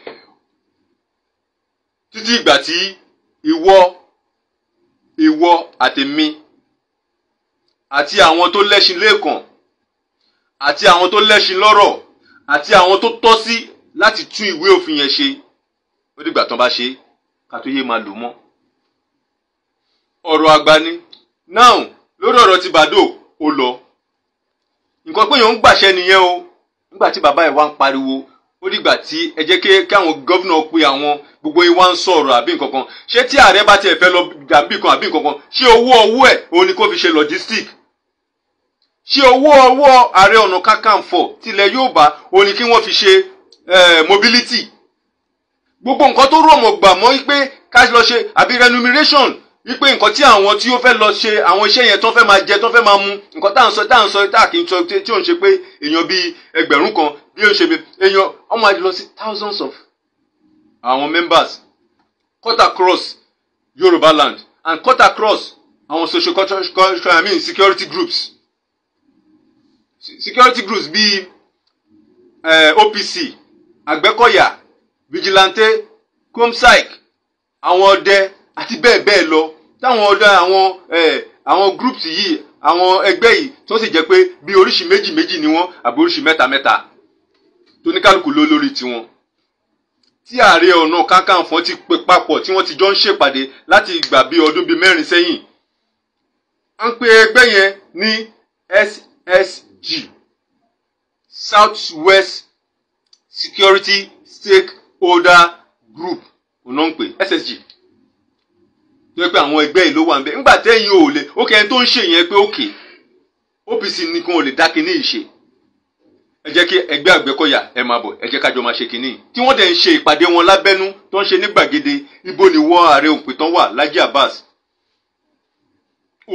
títí ìgbà tí ìwọ ìwọ àtèmi àti àwọn tó lẹ́ṣin lẹ́ẹ̀kan àti àwọn tó lẹ́ṣin lọ́rọ̀ àti àwọn tó tọ́ sí láti tún ìwé òfin yẹn ṣe ó dìgbà tán bá ṣe ká tó yé máa lò mọ́. ọ̀rọ̀ àgbà ni now lórí ọ̀rọ̀ ti bàdó ó lọ nǹkan pé yòó ń gbàṣẹ nìyẹn o nígbà tí bàbá ẹ̀ wá ń pariwo ó dìgbà tí ẹ jẹ́ kí àwọn gómìnà pe àwọn gbogbo yín wá ń sọ̀rọ̀ àbí nǹkan kan ṣé tí ààrẹ bá tiẹ̀ fẹ́ lọ gàbí kan àbí nǹkan kan ṣé owó ọwọ́ ẹ̀ òun ni kò fi ṣe logistic ṣe owó ọwọ́ ààrẹ ọ̀nà kakanfò tilẹ̀ Yorùbá ó ní kí wọ́n fi ṣe eh, mobility gbogbo nǹkan tó rọ̀ mọ̀ gbà mọ́ wípé ká lọ ṣe àbí remuneration wípé nǹkan tí àwọn tí ó fẹ́ lọ ṣe àwọn iṣẹ́ yẹn tó fẹ́ máa jẹ tó fẹ́ máa mu nǹkan tá à ń sọ tá à ń sọ tá à kì í sọ tí ò ń ṣe pé èèyàn bíi ẹgbẹ̀rún kan bí ó ń ṣe pé èèyàn ọmọ àjọ lọ sí thousands of àwọn members cut across Yorùbá land and cut across àwọn social cultural I mean security groups security groups bíi eh, OPC Àgbẹ̀kọ̀yà Vigilante comsec àwọn ọdẹ àti bẹ́ẹ̀ bẹ́ẹ̀ lọ táwọn ọdẹ àwọn eh, àwọn groups yìí àwọn ẹgbẹ́ yìí tó sì jẹ́ pé bí oríṣi méjì méjì ni wọ́n àbí oríṣi mẹ́ta mẹ́ta tó ní kálukú ló lórí tiwọn tí ààrẹ ọ̀nà kakanfọ́n ti pè papọ̀ tí wọ́n ti jọ ń ṣèpàdé láti ìgbà bíi ọdún bíi mẹ́rin sẹ́yìn wọ́n pe ẹgbẹ́ yẹn ní SSA g southwest security stakeholder group ònà ssg tó yẹ pé àwọn ẹgbẹ́ yìí ló wà ń bẹ ńgbà tẹ́yìn ò lè ó kẹ́ni tó ń ṣe yẹn pé òkè OPC nìkan ò lè dá kinní yìí ṣe ẹ jẹ́ kí ẹgbẹ́ àgbẹ̀kọ̀yà ẹ máa bọ̀ ẹ jẹ́ kájọ máa ṣe kinní tí wọ́n dẹ̀ ń ṣe ìpàdé wọn lábẹ́nú tó ń ṣe ní gbàgede ibo ni wọ́n ààrẹ òpìtàn wà Laji Abbas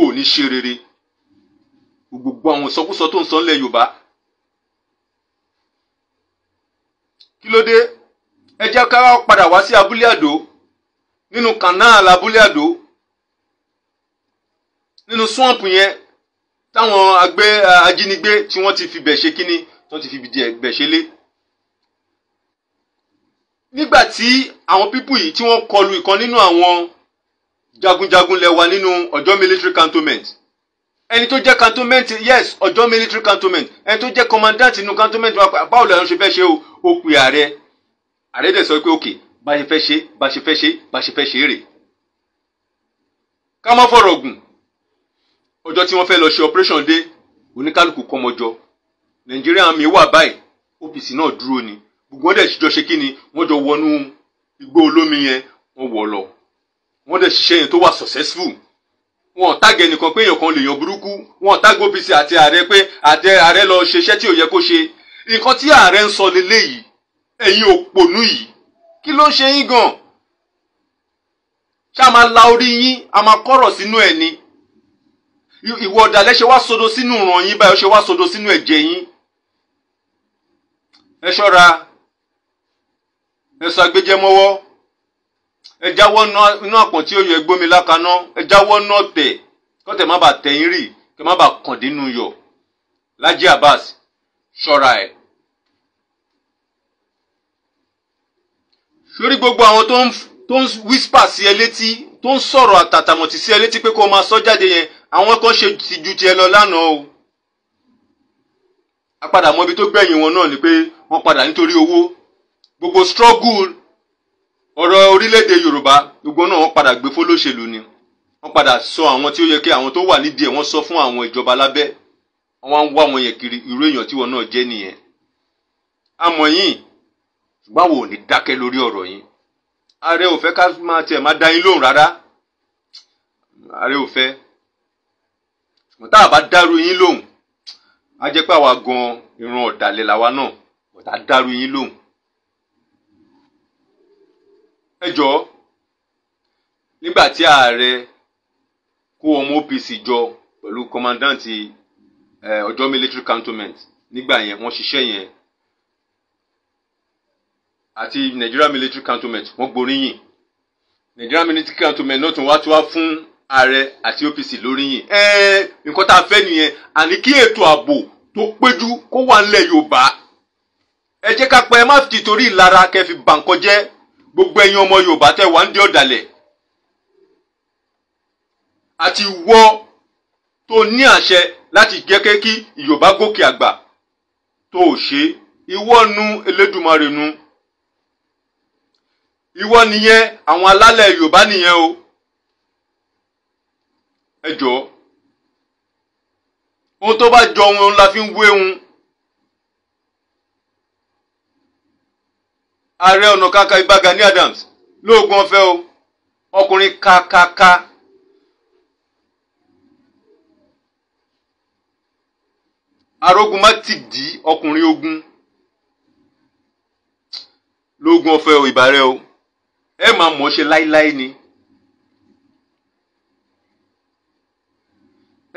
ò ní ṣe rere gbogbo àwọn ìsọkúsọ tó ń sọ nílẹ̀ yorùbá kí ló dé ẹ jẹ́ ká padà wá sí abúlé àdó nínú kanáàlì abúlé àdó nínú swamp yẹn táwọn agbé ajínigbé tí wọ́n ti fi bẹ̀ ṣe kínní tó ti fi bẹ̀ ṣe lé nígbà tí àwọn pípù yìí tí wọ́n kọlu ìkan nínú àwọn jagunjagun lẹ́wà nínú Ọ̀yọ́ military cantonment ẹni tó jẹ́ cantonment yes ọjọ́ military cantonment ẹni tó jẹ́ commandant inú cantonment wa báwo lẹ́nu ṣe fẹ́ ṣe o ó pe ààrẹ ààrẹ dẹ̀ sọ pé ok bá ṣe fẹ́ ṣe bá ṣe fẹ́ ṣe bá ṣe fẹ́ ṣe rè ká má fọ̀rọ̀ gùn ọjọ́ tí wọ́n fẹ́ lọ ṣe operation dé oníkálukú kọ́mọjọ nàìjíríà mi wà báyìí OPC náà dúró ni gbogbo wọn dẹ̀ jọ ṣe kí ni wọ́n jọ wọnú igbó olómi yẹn wọ́n wọ̀ lọ wọ́n dẹ̀ ṣiṣẹ́ yẹn tó wà successful wọn tàgé nìkan pé èèyàn kan lèèyàn burúkú wọn tàgé OPC àti ààrẹ pé àti ààrẹ lọ ṣeṣẹ́ tí ò yẹ kó ṣe nǹkan tí ààrẹ ń sọ leléyìí ẹ̀yin òpònú yìí kí ló ń ṣe yín gan ṣá máa la orí yín a máa kọ́rọ̀ sínú ẹ̀ ni ìwọ ọ̀dàlẹ̀ ṣe wá sodo sínú ràn yín báyìí ó ṣe wá sodo sínú ẹ̀jẹ̀ yín ẹ ṣọ́ra ẹ sọ agbẹjẹmọ́wọ́ ẹ jáwọ́ inú àpọ̀n tí ó yọ ẹgbómi lákaná ẹ jáwọ́ inú ọ̀tẹ̀ kọ́tẹ̀ má bàa tẹ̀yìn rì kẹ́ má bàa kàn dínú yọ̀ Laji Abbas ṣọ́ra ẹ̀. sórí gbogbo àwọn tó ń tó ń whisper sí ẹ létí tó ń sọ̀rọ̀ àtàtàmọ̀tì sí ẹ létí pé kó o máa sọ jáde yẹn àwọn kan ṣe ti ju tiẹ̀ lọ lánàá o apadà mọ ibi tó gbẹ̀yìn wọn náà ni pé wọ́n padà nítorí owó gbogbo struggle ọ̀rọ̀ orílẹ̀-èdè yorùbá gbogbo náà wọ́n padà gbé fólóṣèlú ni wọ́n padà sọ àwọn tí ó yẹ kí àwọn tó wà nídìí ẹ̀ wọ́n sọ fún àwọn ìjọba lábẹ́ wọ́n á ń wá wọn yẹn kiri irú èèyàn tí wọn náà jẹ́ nìyẹn àmọ́ yìí ṣùgbọ́n àwọn ò ní dákẹ́ lórí ọ̀rọ̀ yìí ààrẹ ò fẹ́ ká máa tiẹ̀ máa dá yín lóhùn rárá ààrẹ ò fẹ́ ṣùgbọ́n tá a bá dárú yín lóhùn á jẹ́ pé àwa gan-an ìran ọ̀dàlẹ̀ làwa náà ọ̀tá dárú yín lóhùn ẹ jọ̀ọ́ nígbà tí ààrẹ kó ọmọ OPC jọ pẹ̀lú kọ́mándàntì eh, Ọ̀jọ́ military cantonment nígbà yẹn wọ́n ṣiṣẹ́ yẹn àti Nigeria military cantonment wọ́n gboríyìn Nigeria military cantonment náà tún wá tún wá fún ààrẹ àti OPC lóríyìn ẹ nǹkan tá a fẹ́ nìyẹn àní kí ètò ààbò tó péjú kó wà nílẹ̀ Yorùbá ẹ jẹ́ ká pẹ́ ẹ má fi torí ìlara kẹ́ fi gbogbo ẹ̀yin ọmọ yorùbá tẹ́ wà ń dé ọ̀dàlẹ̀ àti wọ́ tó ní àṣẹ láti jẹ́ kí yorùbá gòkè àgbà tó o ṣe ìwọ nu elédùmarè nu ìwọ nìyẹn àwọn alálẹ̀ yorùbá nìyẹn o ẹ jọ ohun tó bá jọ wọn la fi ń wé wọn ààrẹ ọ̀nà Kakanfò Gani Adams lóògùn ọ̀fẹ́ o ọkùnrin kakaka arógun má ti dì ọkùnrin ogun lóògùn ọ̀fẹ́ o ìbàrẹ̀ o ẹ máa mọ̀ ọ́ ṣe láíláí ni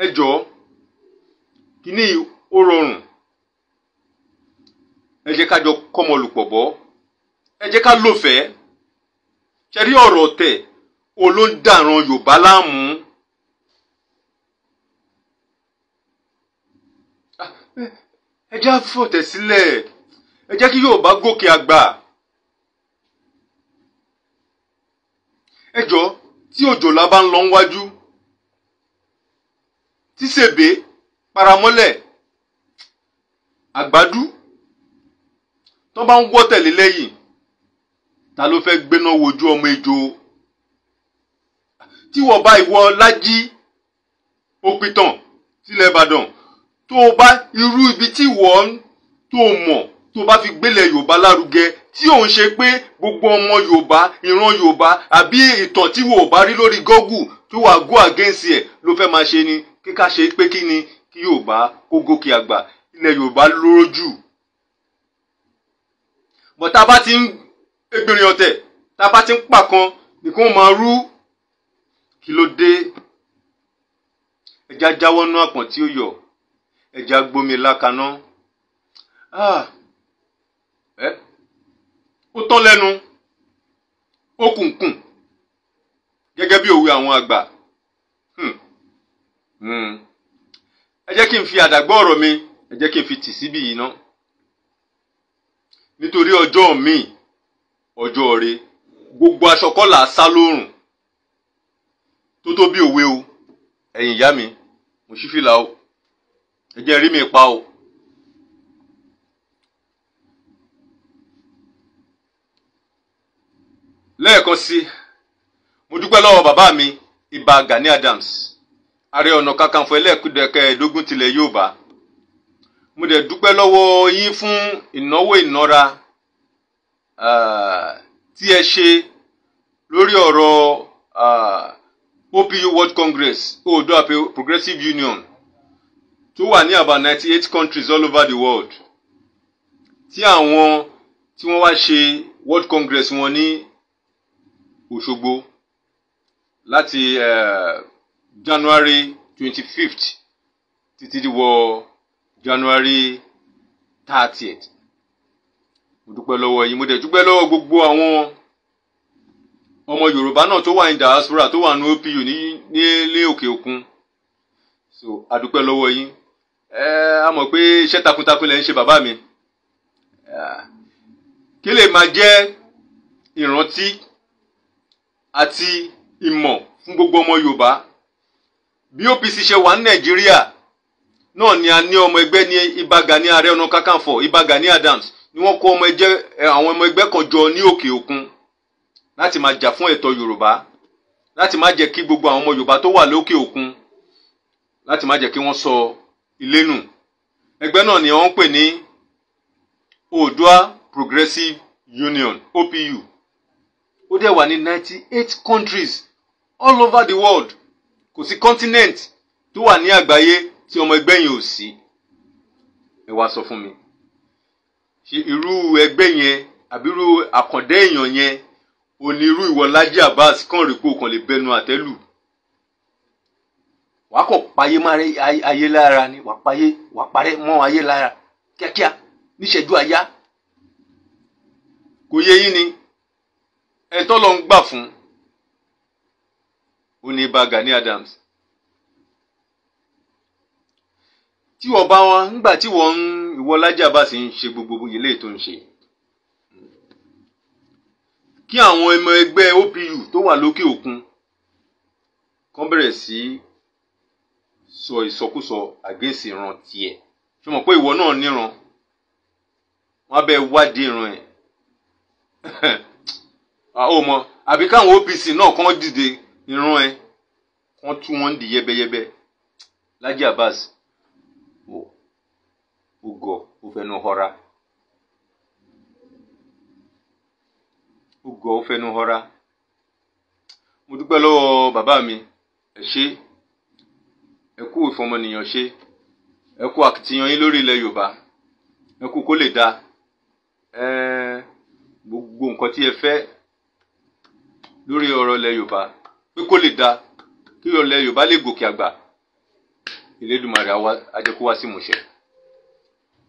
ẹ jọ̀ọ́ kíní ó rọrùn ẹ jẹ́ ká jọ kọ́mọlùpọ̀ bọ́ ẹ jẹ́ ká lòfẹ́ ṣẹ́rí ọ̀rọ̀ ọ̀tẹ̀ wo ló ń dàran Yorùbá láàmú. Ah, ẹ jẹ́ àfọ̀tẹ̀ sílẹ̀ ẹ jẹ́ kí Yorùbá gòkè àgbà. ẹ jọ tí òjòlá bá ń lọ wájú tí sèbé paramọ́lẹ̀ àgbàdú tó bá ń wọ́ tẹ̀lé lẹ́yìn ta ló fẹ́ gbéná wojú ọmọ ejò tíwọ̀ bá ìwọ lájí òpìtàn sílẹ̀ ìbàdàn tó o bá irú ibi tí ìwọ tó o mọ̀ tó o bá fi gbélẹ̀ yorùbá lárugẹ tí òun ṣe pé gbogbo ọmọ yorùbá ìran yorùbá àbí ìtàn tí yorùbá rí lórí gọ́gù tó wàá go against ẹ̀ ló fẹ́ máa ṣe ni kíkà ṣe pé kí ni kí yorùbá kó gòkè àgbà ilẹ̀ yorùbá lóró jù bọ̀tá bá ti ń egbìnrin ọ̀tẹ̀ tá a bá ti ń pa kan nìkan ó máa rú kí ló dé ẹja jáwọ́ nú àpọ̀n tí ó yọ ẹja gbomi lákaná ah! ẹ ó tán lẹ́nu ó kùnkùn gẹ́gẹ́ bí òwe àwọn àgbà hmm. Hmm. ẹ jẹ́ kí n fi àdàgbọ́ ọ̀rọ̀ mi ẹ jẹ́ kí n fi tì síbí yìí ná nítorí ọjọ́ míì ọjọ́ rẹ gbogbo aṣọ kọ́là sá lóòrùn tó tó bí òwe o ẹ̀yin ìyá mi mo ṣí fìlà o ẹ jẹ́ rí mi pa o. lẹ́ẹ̀kan sí mo dúpẹ́ lọ́wọ́ bàbá mi Ìbà Gani Adams ààrẹ ọ̀nà kakanfò ẹlẹ́ẹ̀kúndẹ̀kẹ́ẹ̀dógún tilẹ̀ Yorùbá mo dẹ̀ dúpẹ́ lọ́wọ́ yín fún ìnáwó ìnara tí ẹ ṣe lórí ọ̀rọ̀ OPU World Congress Oodua Progressive Union tó wà ní about ninety eight countries all over the world tí àwọn tí wọ́n wá ṣe World Congress wọn ní Òṣogbo láti uh, January twenty fifth títí wọ January thirtieth mo dúpẹ́ lọ́wọ́ yìí mo dẹ̀ dúpẹ́ lọ́wọ́ gbogbo àwọn ọmọ Yorùbá náà tó wà ní diaspora tó wà ní OPU ní ní òkè òkun so a dúpẹ́ lọ́wọ́ yín ẹ a mọ̀ pé iṣẹ́ takuntakun lẹ̀ ń ṣe bàbá mi kí lè máa jẹ́ ìrántí àti ìmọ̀ fún gbogbo ọmọ Yorùbá bí OPC ṣe wà ní Nàìjíríà náà ni a ní ọmọ ẹgbẹ́ ní Ìbà Gani Ààrẹ Ọ̀nà Kakanfò Ìbà Gani Adams ni wọ́n kó eh, àwọn ọmọ ẹgbẹ́ kan jọ ní òkè òkun láti máa jà fún ẹ̀tọ́ Yorùbá láti má jẹ́ kí gbogbo àwọn ọmọ Yorùbá tó wà lókè òkun láti má jẹ́ kí wọ́n sọ ilé nù ẹgbẹ́ náà ni wọ́n ń pè ní Oòduà Progressive Union OPU ó dẹ̀ wà ní ninety eight countries all over the world kò sí continent tó wà ní àgbáyé tí ọmọ ẹgbẹ́ yìí ò sí ẹ wá sọ fún mi ṣe irú ẹgbẹ́ yẹn àbí irú àkàndá èèyàn yẹn onírú ìwọ Lájí Abbas kàn rí pé o kàn lè bẹnu àtẹ́lù wàá kàn payé má ayé lára ni wàá payé wàá parẹ́ mọ́ ayé lára kíákíá níṣẹ́jú àyá kò yé yín ni ẹ̀ńtọ́ ló ń gbà fún ó ní bá Gani Adams tí wọ́n bá wọn nígbà tí wọ́n ń ìwọ lájà bá sì ń ṣe gbogbo ilé tó ń ṣe. kí àwọn ọmọ ẹgbẹ́ OPU tó wà lókè òkun kán bẹ̀rẹ̀ sí sọ ìsọkúsọ àgẹ́sì ìran tiẹ̀ ṣe mọ̀ pé ìwọ náà níran wọ́n á wádìí ìran ẹ̀ ó [LAUGHS] mọ àbí káwọn OPC náà kán dìde ìran ẹ̀ kán tú wọn di yẹbẹyẹbẹ Lájí Abbas ugo ofe n'ụhọra ugo ofe mo dúpẹ́ bàbá mi ẹ ṣé ẹ kú ìfọmọnìyàn ṣe ẹ kú akitiyan yín lórí ilẹ̀ yorùbá ẹ kú kó lè ẹ gbogbo nǹkan tí ẹ fẹ́ lórí ọ̀rọ̀ ilẹ̀ yorùbá pé kó lè kí ọ̀rọ̀ ilẹ̀ yorùbá lè gòkè àgbà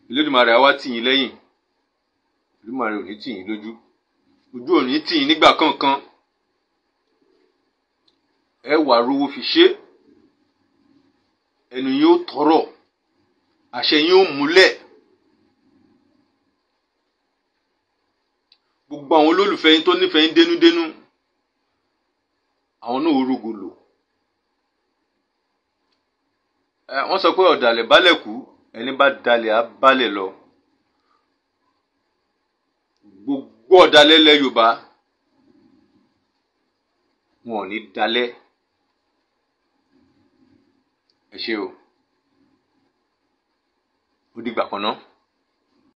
Elédùmarè á wá tì yín lẹ́yìn Elédùmarè ò ní tì yín lójú ojú ò ní tì yín nígbà kankan ẹ wà rówó fi ṣe ẹnu yín ó tọrọ àṣẹ yín ó múlẹ̀ gbogbo àwọn olólùfẹ́ yín tó nífẹ̀ẹ́ yín dénúdénú àwọn náà ó rògòlò wọ́n sọ pé ọ̀dàlẹ̀ bálẹ̀ kú ẹni bá dalẹ̀ á balẹ̀ lọ gbogbo ọ̀dàlẹ̀ lẹ Yorùbá wọn ò ní dalẹ̀ ẹ ṣe o ó dìgbà kan náà.